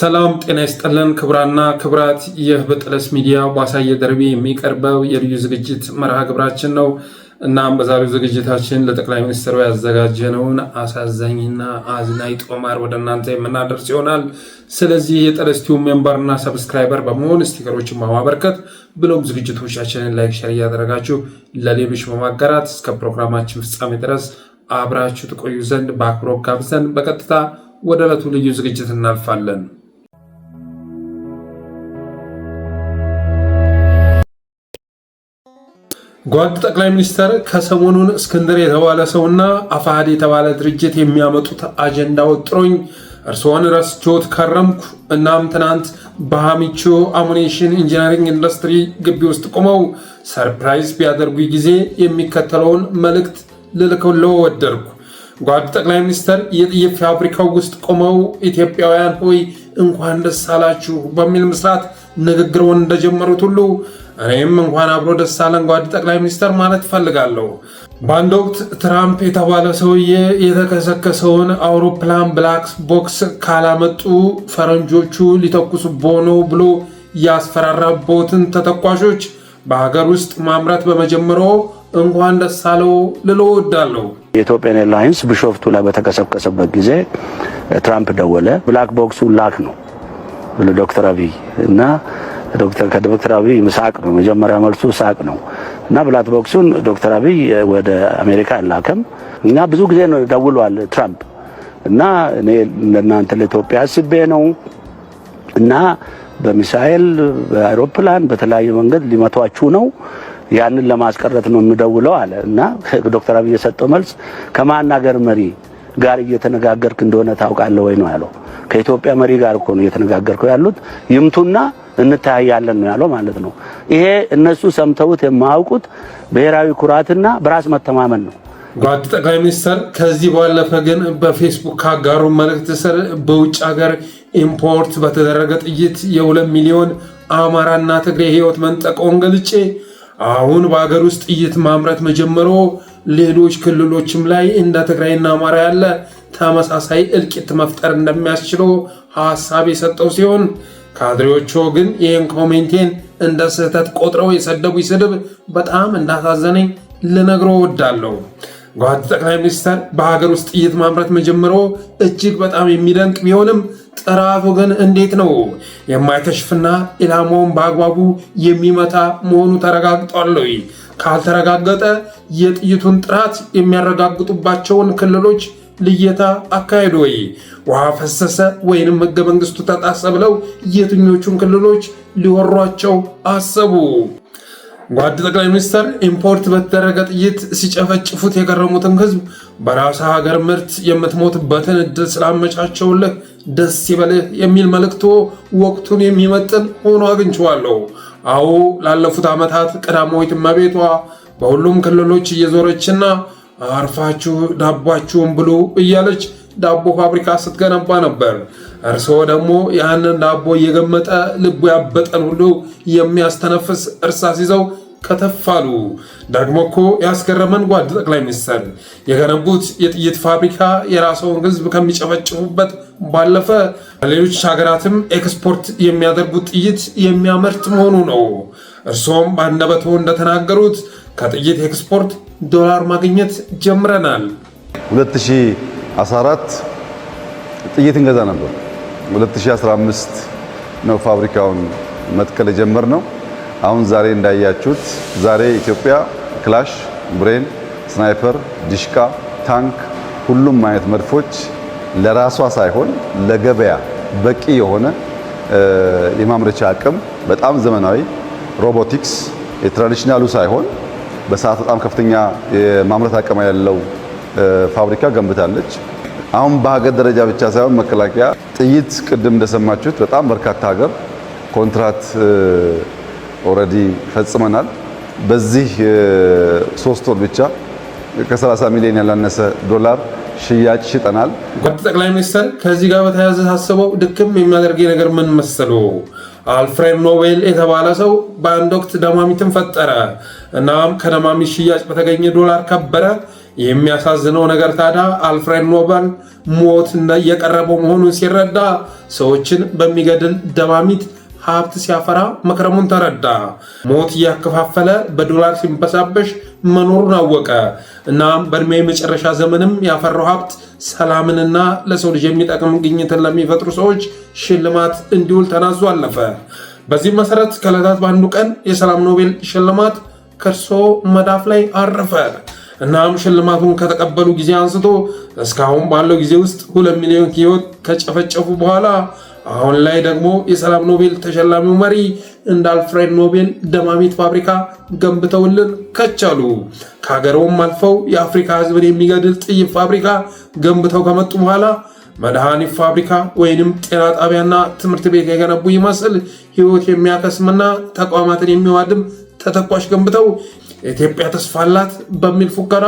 ሰላም ጤና ይስጠለን። ክብራና ክብራት ይህ በጠለስ ሚዲያ ባሳየ ደርቢ የሚቀርበው የልዩ ዝግጅት መርሃ ግብራችን ነው። እናም በዛሬው ዝግጅታችን ለጠቅላይ ሚኒስትሩ ያዘጋጀነውን አሳዛኝና አዝናኝ ጦማር ወደ እናንተ የምናደርስ ይሆናል። ስለዚህ የጠለስቲው ቲዩብ ሜምበርና ሰብስክራይበር በመሆን ስቲከሮችን በማበርከት ብሎም ዝግጅቶቻችንን ላይክ፣ ሸር እያደረጋችሁ ለሌሎች በማጋራት እስከ ፕሮግራማችን ፍጻሜ ድረስ አብራችሁ ትቆዩ ዘንድ በአክብሮት ጋብዘን በቀጥታ ወደ ዕለቱ ልዩ ዝግጅት እናልፋለን። ጓድ ጠቅላይ ሚኒስተር ከሰሞኑን እስክንድር የተባለ ሰውና አፋሃድ የተባለ ድርጅት የሚያመጡት አጀንዳ ወጥሮኝ እርስዎን ረስቼዎት ከረምኩ። እናም ትናንት በሃሚቾ አሙኔሽን ኢንጂነሪንግ ኢንዱስትሪ ግቢ ውስጥ ቆመው ሰርፕራይዝ ቢያደርጉ ጊዜ የሚከተለውን መልእክት ልልክለው ወደድኩ። ጓድ ጠቅላይ ሚኒስተር የጥይት ፋብሪካው ውስጥ ቆመው ኢትዮጵያውያን ሆይ እንኳን ደስ አላችሁ በሚል ምስራት ንግግርዎን እንደጀመሩት ሁሉ እኔም እንኳን አብሮ ደስ አለን ጓድ ጠቅላይ ሚኒስተር ማለት እፈልጋለሁ። በአንድ ወቅት ትራምፕ የተባለ ሰውዬ የተከሰከሰውን አውሮፕላን ብላክ ቦክስ ካላመጡ ፈረንጆቹ ሊተኩሱብዎ ነው ብሎ ያስፈራራቦትን ተተኳሾች በሀገር ውስጥ ማምረት በመጀመሮ እንኳን ደስ አለው ልሎ ወዳለሁ። የኢትዮጵያን ኤርላይንስ ብሾፍቱ ላይ በተከሰከሰበት ጊዜ ትራምፕ ደወለ። ብላክ ቦክሱ ላክ ነው ብሎ ዶክተር አብይ እና ዶክተር ከዶክተር አብይ ምሳቅ ነው መጀመሪያ መልሱ ሳቅ ነው እና ብላት ቦክሱን ዶክተር አብይ ወደ አሜሪካ አላከም እና ብዙ ጊዜ ነው ደውሏል ትራምፕ እና እኔ ለእናንተ ለኢትዮጵያ አስቤ ነው እና በሚሳኤል በአይሮፕላን በተለያየ መንገድ ሊመቷችሁ ነው ያንን ለማስቀረት ነው የምደውለው አለ እና ዶክተር አብይ የሰጠው መልስ ከማን አገር መሪ ጋር እየተነጋገርክ እንደሆነ ታውቃለህ ወይ ነው ያለው ከኢትዮጵያ መሪ ጋር እኮ ነው እየተነጋገርከው ያሉት ይምቱና እንታያያለን ነው ያለው ማለት ነው። ይሄ እነሱ ሰምተውት የማያውቁት ብሔራዊ ኩራትና በራስ መተማመን ነው። ጓድ ጠቅላይ ሚኒስትር ከዚህ ባለፈ ግን በፌስቡክ ካጋሩ መልእክት ስር በውጭ ሀገር ኢምፖርት በተደረገ ጥይት የሁለት ሚሊዮን አማራና ትግሬ ህይወት መንጠቀውን ገልጬ አሁን በሀገር ውስጥ ጥይት ማምረት መጀመሮ ሌሎች ክልሎችም ላይ እንደ ትግራይና አማራ ያለ ተመሳሳይ እልቂት መፍጠር እንደሚያስችለው ሀሳብ የሰጠው ሲሆን ካድሬዎቹ ግን ይህን ኮሜንቴን እንደ ስህተት ቆጥረው የሰደቡ ስድብ በጣም እንዳሳዘነኝ ልነግሮ ወዳለሁ። ጓድ ጠቅላይ ሚኒስተር በሀገር ውስጥ ጥይት ማምረት መጀመሮ እጅግ በጣም የሚደንቅ ቢሆንም ጥራቱ ግን እንዴት ነው የማይከሽፍና ኢላማውን በአግባቡ የሚመታ መሆኑ ተረጋግጧል። ካልተረጋገጠ የጥይቱን ጥራት የሚያረጋግጡባቸውን ክልሎች ልየታ አካሄድ ወይ ውሃ ፈሰሰ ወይንም ሕገ መንግስቱ ተጣሰ ብለው የትኞቹን ክልሎች ሊወሯቸው አሰቡ? ጓድ ጠቅላይ ሚኒስትር ኢምፖርት በተደረገ ጥይት ሲጨፈጭፉት የገረሙትን ህዝብ በራስ ሀገር ምርት የምትሞትበትን እድል ስላመቻቸውልህ ደስ ይበልህ የሚል መልእክቶ ወቅቱን የሚመጥን ሆኖ አግኝቼዋለሁ። አዎ ላለፉት ዓመታት ቀዳማዊት እመቤቷ በሁሉም ክልሎች እየዞረችና አርፋችሁ ዳቧችሁን ብሉ እያለች ዳቦ ፋብሪካ ስትገነባ ነበር። እርስዎ ደግሞ ያንን ዳቦ እየገመጠ ልቡ ያበጠን ሁሉ የሚያስተነፍስ እርሳስ ይዘው ከተፍ አሉ። ደግሞ እኮ ያስገረመን ጓድ ጠቅላይ ሚኒስትር የገነቡት የጥይት ፋብሪካ የራስዎን ሕዝብ ከሚጨፈጭፉበት ባለፈ ለሌሎች ሀገራትም ኤክስፖርት የሚያደርጉት ጥይት የሚያመርት መሆኑ ነው። እርስዎም ባነበቶ እንደተናገሩት ከጥይት ኤክስፖርት ዶላር ማግኘት ጀምረናል። 2014 ጥይት እንገዛ ነበር። 2015 ነው ፋብሪካውን መትከል ጀመር ነው። አሁን ዛሬ እንዳያችሁት ዛሬ ኢትዮጵያ ክላሽ፣ ብሬን፣ ስናይፐር፣ ዲሽቃ፣ ታንክ፣ ሁሉም አይነት መድፎች ለራሷ ሳይሆን ለገበያ በቂ የሆነ የማምረቻ አቅም በጣም ዘመናዊ ሮቦቲክስ የትራዲሽናሉ ሳይሆን በሰዓት በጣም ከፍተኛ የማምረት አቅም ያለው ፋብሪካ ገንብታለች። አሁን በሀገር ደረጃ ብቻ ሳይሆን መከላከያ ጥይት ቅድም እንደሰማችሁት በጣም በርካታ ሀገር ኮንትራት ኦልሬዲ ፈጽመናል። በዚህ ሶስት ወር ብቻ ከ30 ሚሊዮን ያላነሰ ዶላር ሽያጭ ሽጠናል። ጠቅላይ ሚኒስትር ከዚህ ጋር በተያያዘ ታስበው ድክም የሚያደርገኝ ነገር ምን መሰሉ? አልፍሬድ ኖቤል የተባለ ሰው በአንድ ወቅት ደማሚትን ፈጠረ። እናም ከደማሚት ሽያጭ በተገኘ ዶላር ከበረ። የሚያሳዝነው ነገር ታዲያ አልፍሬድ ኖቤል ሞት እየቀረበው መሆኑን ሲረዳ ሰዎችን በሚገድል ደማሚት ሀብት ሲያፈራ መክረሙን ተረዳ። ሞት እያከፋፈለ በዶላር ሲንበሳበሽ መኖሩን አወቀ። እናም በእድሜ መጨረሻ ዘመንም ያፈራው ሀብት ሰላምንና ለሰው ልጅ የሚጠቅም ግኝትን ለሚፈጥሩ ሰዎች ሽልማት እንዲውል ተናዞ አለፈ። በዚህ መሰረት ከዕለታት በአንዱ ቀን የሰላም ኖቤል ሽልማት ከእርሶ መዳፍ ላይ አረፈ። እናም ሽልማቱን ከተቀበሉ ጊዜ አንስቶ እስካሁን ባለው ጊዜ ውስጥ ሁለት ሚሊዮን ህይወት ከጨፈጨፉ በኋላ አሁን ላይ ደግሞ የሰላም ኖቤል ተሸላሚው መሪ እንደ አልፍሬድ ኖቤል ደማሚት ፋብሪካ ገንብተውልን ከቻሉ ከሀገርም አልፈው የአፍሪካ ሕዝብን የሚገድል ጥይት ፋብሪካ ገንብተው ከመጡ በኋላ መድኃኒት ፋብሪካ ወይንም ጤና ጣቢያና ትምህርት ቤት የገነቡ ይመስል ህይወት የሚያከስምና ተቋማትን የሚዋድም ተተኳሽ ገንብተው ኢትዮጵያ ተስፋ አላት በሚል ፉከራ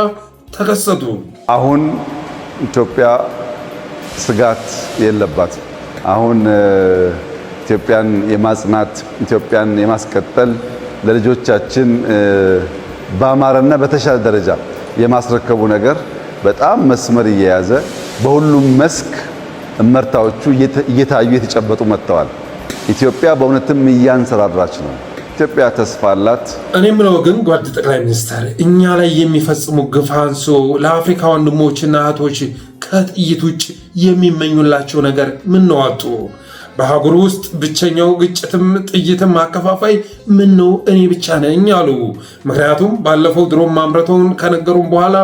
ተከሰቱ። አሁን ኢትዮጵያ ስጋት የለባትም። አሁን ኢትዮጵያን የማጽናት ኢትዮጵያን የማስቀጠል ለልጆቻችን በአማረና በተሻለ ደረጃ የማስረከቡ ነገር በጣም መስመር እየያዘ በሁሉም መስክ እመርታዎቹ እየታዩ የተጨበጡ መጥተዋል። ኢትዮጵያ በእውነትም እያንሰራራች ነው። ኢትዮጵያ ተስፋ አላት። እኔ ምለው ግን ጓድ ጠቅላይ ሚኒስትር እኛ ላይ የሚፈጽሙ ግፍ አንሶ ለአፍሪካ ወንድሞችና እህቶች ከጥይት ውጭ የሚመኙላቸው ነገር ምን ነው አጡ? ውስጥ ብቸኛው ግጭትም ጥይትም አከፋፋይ ምን ነው እኔ ብቻ ነኝ አሉ። ምክንያቱም ባለፈው ድሮም ማምረተውን ከነገሩም በኋላ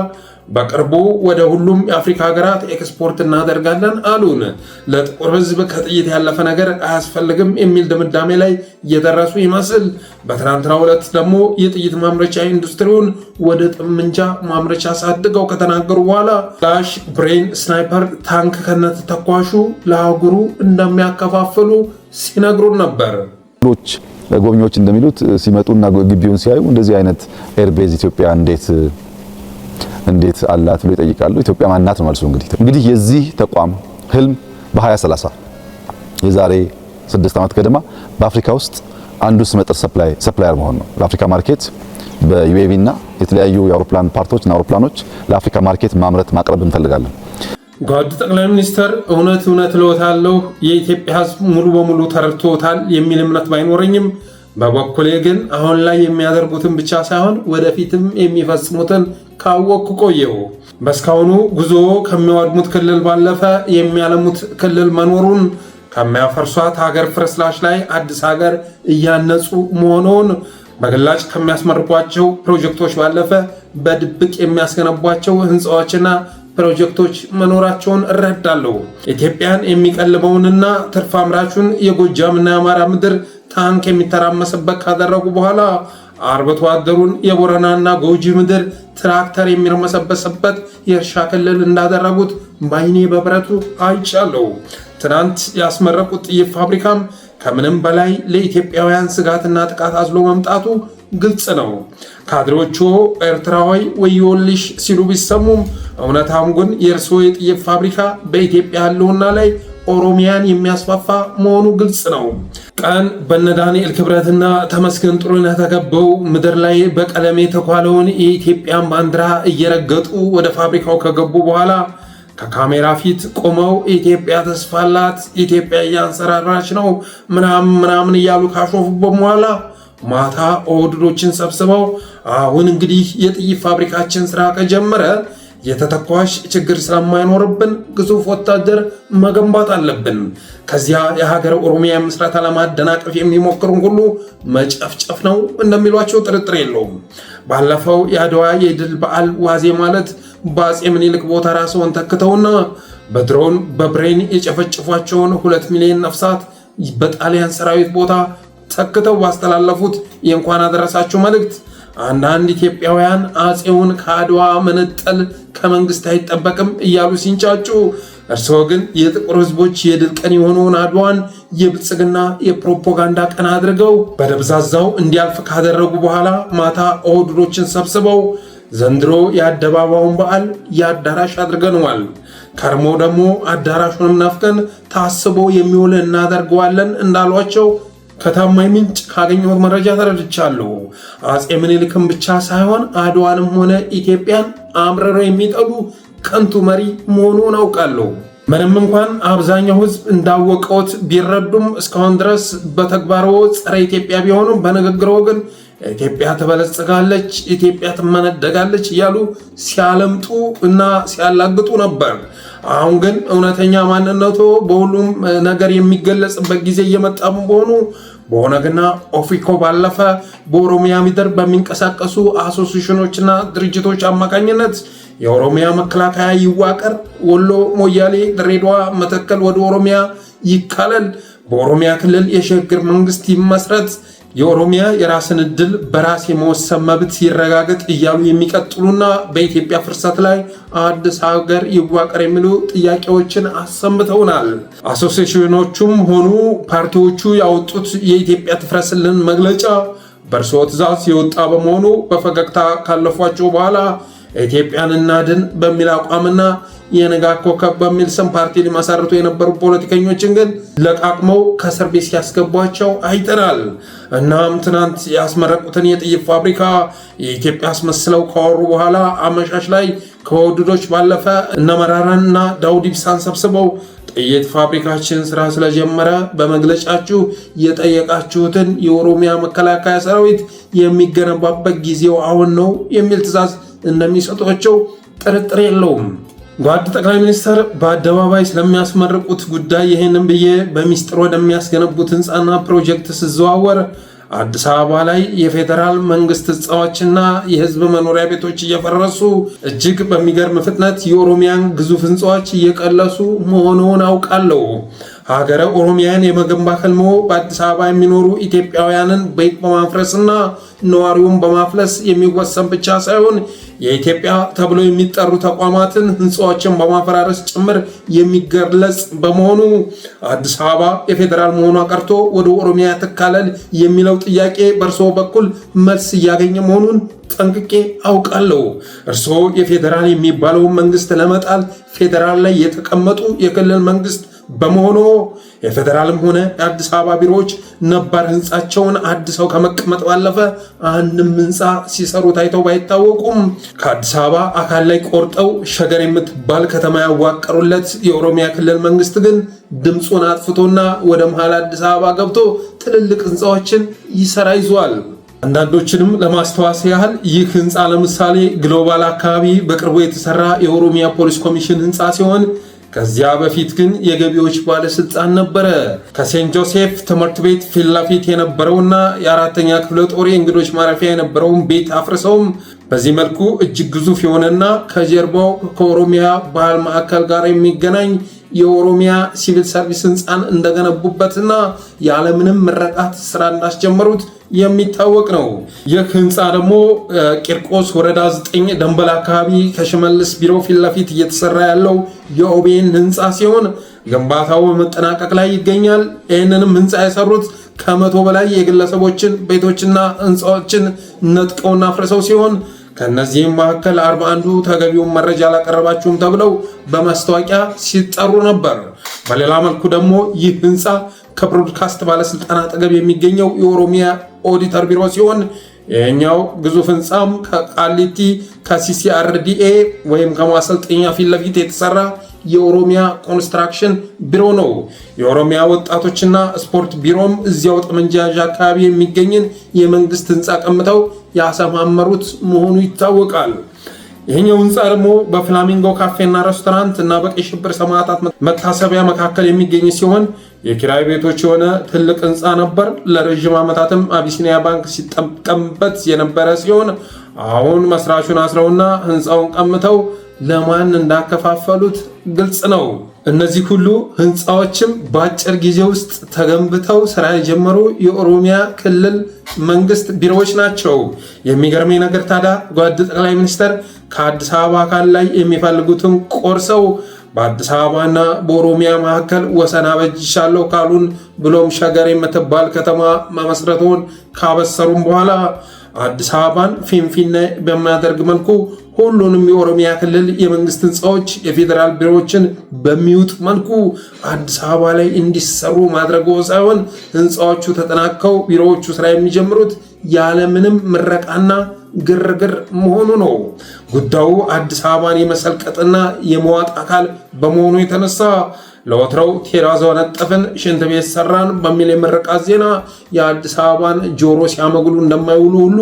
በቅርቡ ወደ ሁሉም የአፍሪካ ሀገራት ኤክስፖርት እናደርጋለን አሉን። ለጥቁር ሕዝብ ከጥይት ያለፈ ነገር አያስፈልግም የሚል ድምዳሜ ላይ እየደረሱ ይመስል በትናንትናው ዕለት ደግሞ የጥይት ማምረቻ ኢንዱስትሪውን ወደ ጥምንጃ ማምረቻ ሳድገው ከተናገሩ በኋላ ላሽ ብሬን፣ ስናይፐር፣ ታንክ ከነት ተኳሹ ለአህጉሩ እንደሚያከፋፍሉ ሲነግሩን ነበር። ጎብኚዎች እንደሚሉት ሲመጡና ግቢውን ሲያዩ እንደዚህ አይነት ኤርቤዝ ኢትዮጵያ እንዴት እንዴት አላት ብሎ ይጠይቃሉ። ኢትዮጵያ ማናት ነው መልሱ። እንግዲህ እንግዲህ የዚህ ተቋም ህልም በ2030 የዛሬ ስድስት ዓመት ገደማ በአፍሪካ ውስጥ አንዱ ስመጥር ሰፕላየር መሆን ነው። ለአፍሪካ ማርኬት በዩኤቪ እና የተለያዩ የአውሮፕላን ፓርቶች እና አውሮፕላኖች ለአፍሪካ ማርኬት ማምረት ማቅረብ እንፈልጋለን። ጓድ ጠቅላይ ሚኒስተር እውነት እውነት ልወታለሁ የኢትዮጵያ ህዝብ ሙሉ በሙሉ ተረድቶታል የሚል እምነት ባይኖረኝም በበኩሌ ግን አሁን ላይ የሚያደርጉትን ብቻ ሳይሆን ወደፊትም የሚፈጽሙትን ካወቅኩ ቆየው። በእስካሁኑ ጉዞ ከሚያወድሙት ክልል ባለፈ የሚያለሙት ክልል መኖሩን ከሚያፈርሷት ሀገር ፍርስራሽ ላይ አዲስ ሀገር እያነጹ መሆኑን በግላጭ ከሚያስመርቋቸው ፕሮጀክቶች ባለፈ በድብቅ የሚያስገነቧቸው ህንፃዎችና ፕሮጀክቶች መኖራቸውን እረዳለሁ። ኢትዮጵያን የሚቀልበውንና ትርፍ አምራቹን የጎጃምና የአማራ ምድር ታንክ የሚተራመስበት ካደረጉ በኋላ አርብቶ አደሩን የቦረናና ጎጂ ምድር ትራክተር የሚርመሰበስበት የእርሻ ክልል እንዳደረጉት ባይኔ በብረቱ አይቻለሁ። ትናንት ያስመረቁት ጥይት ፋብሪካም ከምንም በላይ ለኢትዮጵያውያን ስጋትና ጥቃት አዝሎ መምጣቱ ግልጽ ነው። ካድሬዎቹ ኤርትራዊ ወዮልሽ ሲሉ ቢሰሙም እውነታም ግን የእርስዎ የጥይት ፋብሪካ በኢትዮጵያ ህልውና ላይ ኦሮሚያን የሚያስፋፋ መሆኑ ግልጽ ነው። ቀን በነ ዳንኤል ክብረትና ተመስገን ጥሩነህ ተከበው ምድር ላይ በቀለም የተኳለውን የኢትዮጵያን ባንዲራ እየረገጡ ወደ ፋብሪካው ከገቡ በኋላ ከካሜራ ፊት ቆመው ኢትዮጵያ ተስፋ አላት፣ ኢትዮጵያ እያንሰራራች ነው ምናምን ምናምን እያሉ ካሾፉ በኋላ ማታ ኦህዴዶችን ሰብስበው አሁን እንግዲህ የጥይት ፋብሪካችን ስራ ከጀመረ የተተኳሽ ችግር ስለማይኖርብን ግዙፍ ወታደር መገንባት አለብን። ከዚያ የሀገር ኦሮሚያ ምስረታ ለማደናቀፍ የሚሞክሩን ሁሉ መጨፍጨፍ ነው እንደሚሏቸው ጥርጥር የለውም። ባለፈው የአድዋ የድል በዓል ዋዜ ማለት በአጼ ምኒልክ ቦታ ራስዎን ተክተውና በድሮን በብሬን የጨፈጨፏቸውን ሁለት ሚሊዮን ነፍሳት በጣሊያን ሰራዊት ቦታ ተክተው ባስተላለፉት የእንኳን አደረሳችሁ መልእክት አንዳንድ ኢትዮጵያውያን አፄውን ከአድዋ መነጠል ከመንግስት አይጠበቅም እያሉ ሲንጫጩ፣ እርስዎ ግን የጥቁር ህዝቦች የድል ቀን የሆነውን አድዋን የብልጽግና የፕሮፓጋንዳ ቀን አድርገው በደብዛዛው እንዲያልፍ ካደረጉ በኋላ ማታ ኦህዴዶችን ሰብስበው ዘንድሮ የአደባባዩን በዓል የአዳራሽ አድርገነዋል፣ ከርሞ ደግሞ አዳራሹንም ናፍቀን ታስቦ የሚውል እናደርገዋለን እንዳሏቸው ከታማኝ ምንጭ ካገኘሁት መረጃ ተረድቻለሁ። አጼ ምኒልክን ብቻ ሳይሆን አድዋንም ሆነ ኢትዮጵያን አምርረው የሚጠሉ ከንቱ መሪ መሆኑን አውቃለሁ። ምንም እንኳን አብዛኛው ሕዝብ እንዳወቀውት ቢረዱም እስካሁን ድረስ በተግባሮ ጸረ ኢትዮጵያ ቢሆኑም በንግግር ግን ኢትዮጵያ ትበለጽጋለች፣ ኢትዮጵያ ትመነደጋለች እያሉ ሲያለምጡ እና ሲያላግጡ ነበር። አሁን ግን እውነተኛ ማንነቶ በሁሉም ነገር የሚገለጽበት ጊዜ እየመጣም በሆኑ በኦነግና ኦፊኮ ባለፈ በኦሮሚያ ሚደር በሚንቀሳቀሱ አሶሲሽኖችና ድርጅቶች አማካኝነት የኦሮሚያ መከላከያ ይዋቀር፣ ወሎ፣ ሞያሌ፣ ድሬዳዋ፣ መተከል ወደ ኦሮሚያ ይካለል፣ በኦሮሚያ ክልል የሽግግር መንግስት ይመስረት የኦሮሚያ የራስን እድል በራስ የመወሰን መብት ይረጋገጥ እያሉ የሚቀጥሉና በኢትዮጵያ ፍርሰት ላይ አዲስ ሀገር ይዋቀር የሚሉ ጥያቄዎችን አሰምተውናል። አሶሴሽኖቹም ሆኑ ፓርቲዎቹ ያወጡት የኢትዮጵያ ትፍረስልን መግለጫ በእርስዎ ትእዛዝ የወጣ በመሆኑ በፈገግታ ካለፏቸው በኋላ ኢትዮጵያን እናድን በሚል አቋምና የነጋ ኮከብ በሚል ስም ፓርቲ ሊመሰርቱ የነበሩ ፖለቲከኞችን ግን ለቃቅመው ከእስር ቤት ሲያስገቧቸው አይተናል። እናም ትናንት ያስመረቁትን የጥይት ፋብሪካ የኢትዮጵያ አስመስለው ካወሩ በኋላ አመሻሽ ላይ ከወድዶች ባለፈ እነ መራራን እና ዳውድ ኢብሳን ሰብስበው ጥይት ፋብሪካችን ስራ ስለጀመረ በመግለጫችሁ የጠየቃችሁትን የኦሮሚያ መከላከያ ሰራዊት የሚገነባበት ጊዜው አሁን ነው የሚል ትዕዛዝ እንደሚሰጧቸው ጥርጥር የለውም። ጓድ ጠቅላይ ሚኒስትር በአደባባይ ስለሚያስመርቁት ጉዳይ ይህንን ብዬ በሚስጥር ወደሚያስገነቡት ህንፃና ፕሮጀክት ስዘዋወር አዲስ አበባ ላይ የፌዴራል መንግስት ህንፃዎችና የህዝብ መኖሪያ ቤቶች እየፈረሱ እጅግ በሚገርም ፍጥነት የኦሮሚያን ግዙፍ ህንፃዎች እየቀለሱ መሆኑን አውቃለሁ። ሀገረ ኦሮሚያን የመገንባት ህልሞ በአዲስ አበባ የሚኖሩ ኢትዮጵያውያንን በይቅ በማፍረስና ነዋሪውን በማፍለስ የሚወሰን ብቻ ሳይሆን የኢትዮጵያ ተብሎ የሚጠሩ ተቋማትን፣ ህንፃዎችን በማፈራረስ ጭምር የሚገለጽ በመሆኑ አዲስ አበባ የፌዴራል መሆኗ ቀርቶ ወደ ኦሮሚያ ትካለል የሚለው ጥያቄ በእርስዎ በኩል መልስ እያገኘ መሆኑን ጠንቅቄ አውቃለሁ። እርስዎ የፌዴራል የሚባለውን መንግስት ለመጣል ፌዴራል ላይ የተቀመጡ የክልል መንግስት በመሆኑ የፌዴራልም ሆነ የአዲስ አበባ ቢሮዎች ነባር ህንፃቸውን አድሰው ከመቀመጥ ባለፈ አንድም ህንፃ ሲሰሩ ታይተው ባይታወቁም ከአዲስ አበባ አካል ላይ ቆርጠው ሸገር የምትባል ከተማ ያዋቀሩለት የኦሮሚያ ክልል መንግስት ግን ድምፁን አጥፍቶና ወደ መሃል አዲስ አበባ ገብቶ ትልልቅ ህንፃዎችን ይሰራ ይዟል። አንዳንዶችንም ለማስተዋስ ያህል ይህ ህንፃ ለምሳሌ ግሎባል አካባቢ በቅርቡ የተሰራ የኦሮሚያ ፖሊስ ኮሚሽን ህንፃ ሲሆን ከዚያ በፊት ግን የገቢዎች ባለስልጣን ነበረ። ከሴንት ጆሴፍ ትምህርት ቤት ፊት ለፊት የነበረውና የአራተኛ ክፍለ ጦር የእንግዶች ማረፊያ የነበረውን ቤት አፍርሰውም በዚህ መልኩ እጅግ ግዙፍ የሆነና ከጀርባው ከኦሮሚያ ባህል ማዕከል ጋር የሚገናኝ የኦሮሚያ ሲቪል ሰርቪስ ህንፃን እንደገነቡበትና ያለምንም ምረቃት ስራ እንዳስጀመሩት የሚታወቅ ነው። ይህ ህንፃ ደግሞ ቂርቆስ ወረዳ 9 ደንበል አካባቢ ከሽመልስ ቢሮ ፊት ለፊት እየተሰራ ያለው የኦቤን ህንፃ ሲሆን ግንባታው በመጠናቀቅ ላይ ይገኛል። ይህንንም ህንፃ የሰሩት ከመቶ በላይ የግለሰቦችን ቤቶችና ህንፃዎችን ነጥቀውና አፍርሰው ሲሆን ከእነዚህም መካከል አርባ አንዱ ተገቢውን መረጃ አላቀረባችሁም ተብለው በማስታወቂያ ሲጠሩ ነበር። በሌላ መልኩ ደግሞ ይህ ህንፃ ከብሮድካስት ባለስልጣን አጠገብ የሚገኘው የኦሮሚያ ኦዲተር ቢሮ ሲሆን የኛው ግዙፍ ህንፃም ከቃሊቲ ከሲሲአርዲኤ ወይም ከማሰልጠኛ ፊት ለፊት የተሰራ የኦሮሚያ ኮንስትራክሽን ቢሮ ነው። የኦሮሚያ ወጣቶችና ስፖርት ቢሮም እዚያው ጠመንጃ አካባቢ የሚገኝን የመንግስት ህንፃ ቀምተው ያሰማመሩት መሆኑ ይታወቃል። ይህኛው ህንፃ ደግሞ በፍላሚንጎ ካፌና ሬስቶራንት እና በቀይ ሽብር ሰማዕታት መታሰቢያ መካከል የሚገኝ ሲሆን የኪራይ ቤቶች የሆነ ትልቅ ህንፃ ነበር። ለረዥም ዓመታትም አቢሲኒያ ባንክ ሲጠቀምበት የነበረ ሲሆን አሁን መስራቹን አስረውና ህንፃውን ቀምተው ለማን እንዳከፋፈሉት ግልጽ ነው። እነዚህ ሁሉ ህንፃዎችም በአጭር ጊዜ ውስጥ ተገንብተው ስራ የጀመሩ የኦሮሚያ ክልል መንግስት ቢሮዎች ናቸው። የሚገርመኝ ነገር ታዲያ ጓድ ጠቅላይ ሚኒስተር ከአዲስ አበባ አካል ላይ የሚፈልጉትን ቆርሰው በአዲስ አበባና በኦሮሚያ መካከል ወሰን አበጅቻለሁ ካሉን ብሎም ሸገር የምትባል ከተማ መመስረቱን ካበሰሩም በኋላ አዲስ አበባን ፊንፊኔ በሚያደርግ መልኩ ሁሉንም የኦሮሚያ ክልል የመንግስት ህንፃዎች፣ የፌዴራል ቢሮዎችን በሚውጥ መልኩ አዲስ አበባ ላይ እንዲሰሩ ማድረጉ ሳይሆን ህንፃዎቹ ተጠናከው ቢሮዎቹ ስራ የሚጀምሩት ያለምንም ምረቃና ግርግር መሆኑ ነው። ጉዳዩ አዲስ አበባን የመሰልቀጥና የመዋጥ አካል በመሆኑ የተነሳ ለወትረው ቴራዞ ነጠፍን፣ ሽንት ቤት ሰራን በሚል የምረቃት ዜና የአዲስ አበባን ጆሮ ሲያመግሉ እንደማይውሉ ሁሉ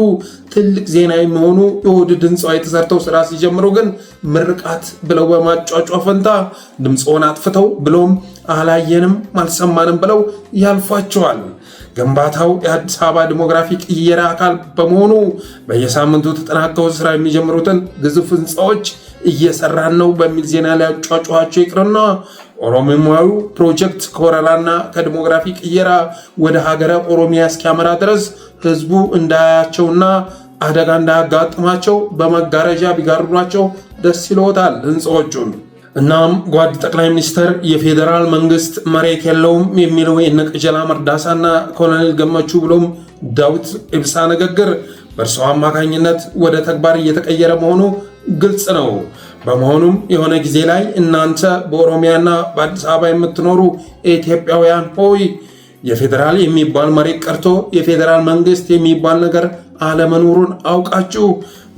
ትልቅ ዜና የሚሆኑ የኦህዴድ ህንፃዎች ተሰርተው ስራ ሲጀምሩ ግን ምርቃት ብለው በማጫጫ ፈንታ ድምፅን አጥፍተው ብሎም አላየንም አልሰማንም ብለው ያልፏቸዋል። ግንባታው የአዲስ አበባ ዲሞግራፊ ቅየራ አካል በመሆኑ በየሳምንቱ ተጠናቀው ስራ የሚጀምሩትን ግዙፍ ህንፃዎች እየሰራን ነው በሚል ዜና ላይ አጫጫኋቸው ይቅርና ኦሮሚያዊ ፕሮጀክት ከወረራና ከዲሞግራፊ ቅየራ ወደ ሀገረ ኦሮሚያ እስኪያመራ ድረስ ህዝቡ እንዳያቸውና አደጋ እንዳያጋጥማቸው በመጋረጃ ቢጋርዷቸው ደስ ይለወታል ህንፃዎቹን። እናም ጓድ ጠቅላይ ሚኒስተር የፌዴራል መንግስት መሬት የለውም የሚለው የነ ቀጀላ መርዳሳና ኮሎኔል ገመቹ ብሎም ዳዊት ኢብሳ ንግግር በእርሰው አማካኝነት ወደ ተግባር እየተቀየረ መሆኑ ግልጽ ነው። በመሆኑም የሆነ ጊዜ ላይ እናንተ በኦሮሚያና በአዲስ አበባ የምትኖሩ ኢትዮጵያውያን ሆይ የፌዴራል የሚባል መሬት ቀርቶ የፌዴራል መንግስት የሚባል ነገር አለመኖሩን አውቃችሁ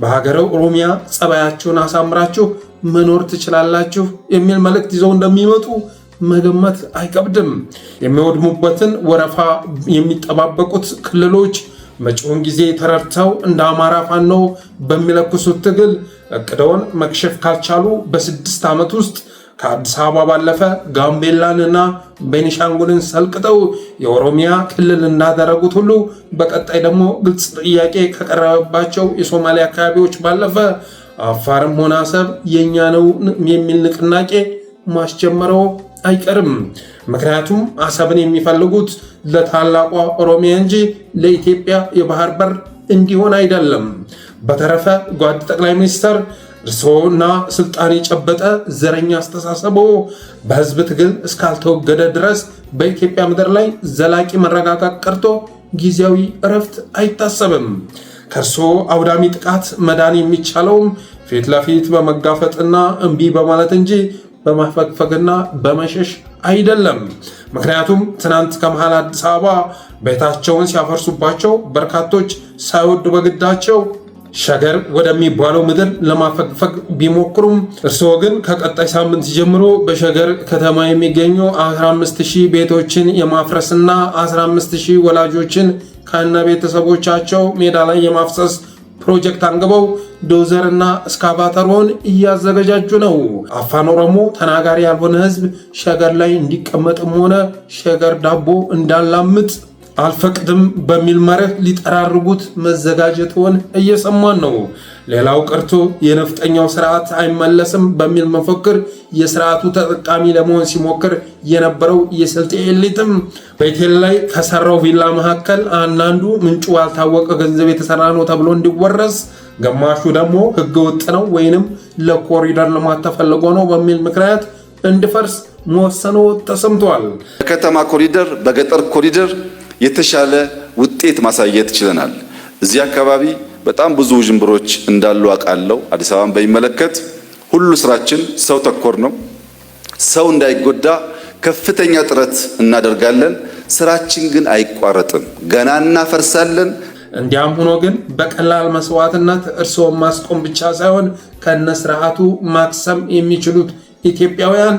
በሀገረ ኦሮሚያ ጸባያችሁን አሳምራችሁ መኖር ትችላላችሁ የሚል መልእክት ይዘው እንደሚመጡ መገመት አይከብድም። የሚወድሙበትን ወረፋ የሚጠባበቁት ክልሎች መጪውን ጊዜ ተረድተው እንደ አማራ ፋኖ በሚለኩሱት ትግል እቅደውን መክሸፍ ካልቻሉ በስድስት ዓመት ውስጥ ከአዲስ አበባ ባለፈ ጋምቤላን እና ቤኒሻንጉልን ሰልቅጠው የኦሮሚያ ክልል እንዳደረጉት ሁሉ በቀጣይ ደግሞ ግልጽ ጥያቄ ከቀረበባቸው የሶማሌ አካባቢዎች ባለፈ አፋርም ሆነ አሰብ የእኛ ነው የሚል ንቅናቄ ማስጀመረው አይቀርም። ምክንያቱም አሰብን የሚፈልጉት ለታላቋ ኦሮሚያ እንጂ ለኢትዮጵያ የባህር በር እንዲሆን አይደለም። በተረፈ ጓድ ጠቅላይ ሚኒስትር እርስዎና ስልጣን የጨበጠ ዘረኛ አስተሳሰቦ በህዝብ ትግል እስካልተወገደ ድረስ በኢትዮጵያ ምድር ላይ ዘላቂ መረጋጋት ቀርቶ ጊዜያዊ እረፍት አይታሰብም። ከእርስዎ አውዳሚ ጥቃት መዳን የሚቻለውም ፊት ለፊት በመጋፈጥና እምቢ በማለት እንጂ በመፈግፈግና በመሸሽ አይደለም። ምክንያቱም ትናንት ከመሃል አዲስ አበባ ቤታቸውን ሲያፈርሱባቸው በርካቶች ሳይወዱ በግዳቸው ሸገር ወደሚባለው ምድር ለማፈግፈግ ቢሞክሩም እርስዎ ግን ከቀጣይ ሳምንት ጀምሮ በሸገር ከተማ የሚገኙ 15000 ቤቶችን የማፍረስና 15000 ወላጆችን ከነ ቤተሰቦቻቸው ሜዳ ላይ የማፍሰስ ፕሮጀክት አንግበው ዶዘርና እስካቫተሮን እያዘገጃጁ ነው። አፋን ኦሮሞ ተናጋሪ ያልሆነ ህዝብ ሸገር ላይ እንዲቀመጥም ሆነ ሸገር ዳቦ እንዳላምጥ አልፈቅድም በሚል መርህ ሊጠራርጉት መዘጋጀትን እየሰማን ነው። ሌላው ቀርቶ የነፍጠኛው ስርዓት አይመለስም በሚል መፈክር የስርዓቱ ተጠቃሚ ለመሆን ሲሞክር የነበረው የስልጤ ኤሊትም ቤቴል ላይ ከሰራው ቪላ መካከል አንዳንዱ ምንጩ ያልታወቀ ገንዘብ የተሰራ ነው ተብሎ እንዲወረስ፣ ግማሹ ደግሞ ወጥ ነው ወይንም ለኮሪደር ልማት ተፈልጎ ነው በሚል ምክንያት እንዲፈርስ መወሰኑ ተሰምቷል። በከተማ ኮሪደር፣ በገጠር ኮሪደር የተሻለ ውጤት ማሳየት ችለናል። እዚህ አካባቢ በጣም ብዙ ውዥንብሮች እንዳሉ አውቃለሁ። አዲስ አበባን በሚመለከት ሁሉ ስራችን ሰው ተኮር ነው። ሰው እንዳይጎዳ ከፍተኛ ጥረት እናደርጋለን። ስራችን ግን አይቋረጥም። ገና እናፈርሳለን። እንዲያም ሆኖ ግን በቀላል መስዋዕትነት እርስዎን ማስቆም ብቻ ሳይሆን ከነ ስርዓቱ ማክሰም የሚችሉት ኢትዮጵያውያን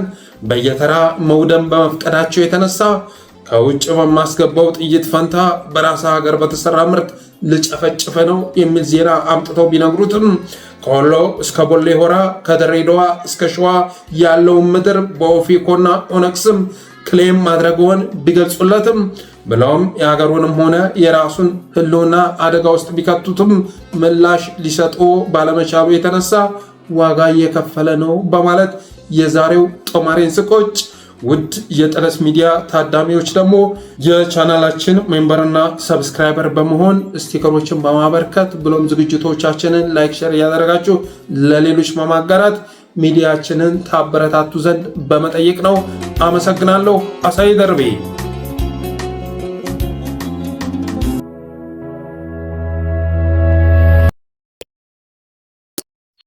በየተራ መውደም በመፍቀዳቸው የተነሳ ከውጭ በማስገባው ጥይት ፈንታ በራስ ሀገር በተሰራ ምርት ልጨፈጭፈ ነው የሚል ዜና አምጥተው ቢነግሩትም ከወሎ እስከ ቦሌ ሆራ ከድሬዳዋ እስከ ሸዋ ያለውን ምድር በኦፌኮና ኦነግ ስም ክሌም ማድረግዎን ቢገልጹለትም ብለውም የሀገሩንም ሆነ የራሱን ሕልውና አደጋ ውስጥ ቢከቱትም ምላሽ ሊሰጡ ባለመቻሉ የተነሳ ዋጋ እየከፈለ ነው በማለት የዛሬው ጦማሪን ስቆጭ ውድ የጠለስ ሚዲያ ታዳሚዎች ደግሞ የቻናላችን ሜምበርና ሰብስክራይበር በመሆን ስቲከሮችን በማበርከት ብሎም ዝግጅቶቻችንን ላይክ፣ ሸር እያደረጋችሁ ለሌሎች በማጋራት ሚዲያችንን ታበረታቱ ዘንድ በመጠየቅ ነው። አመሰግናለሁ። አሳይ ደርቤ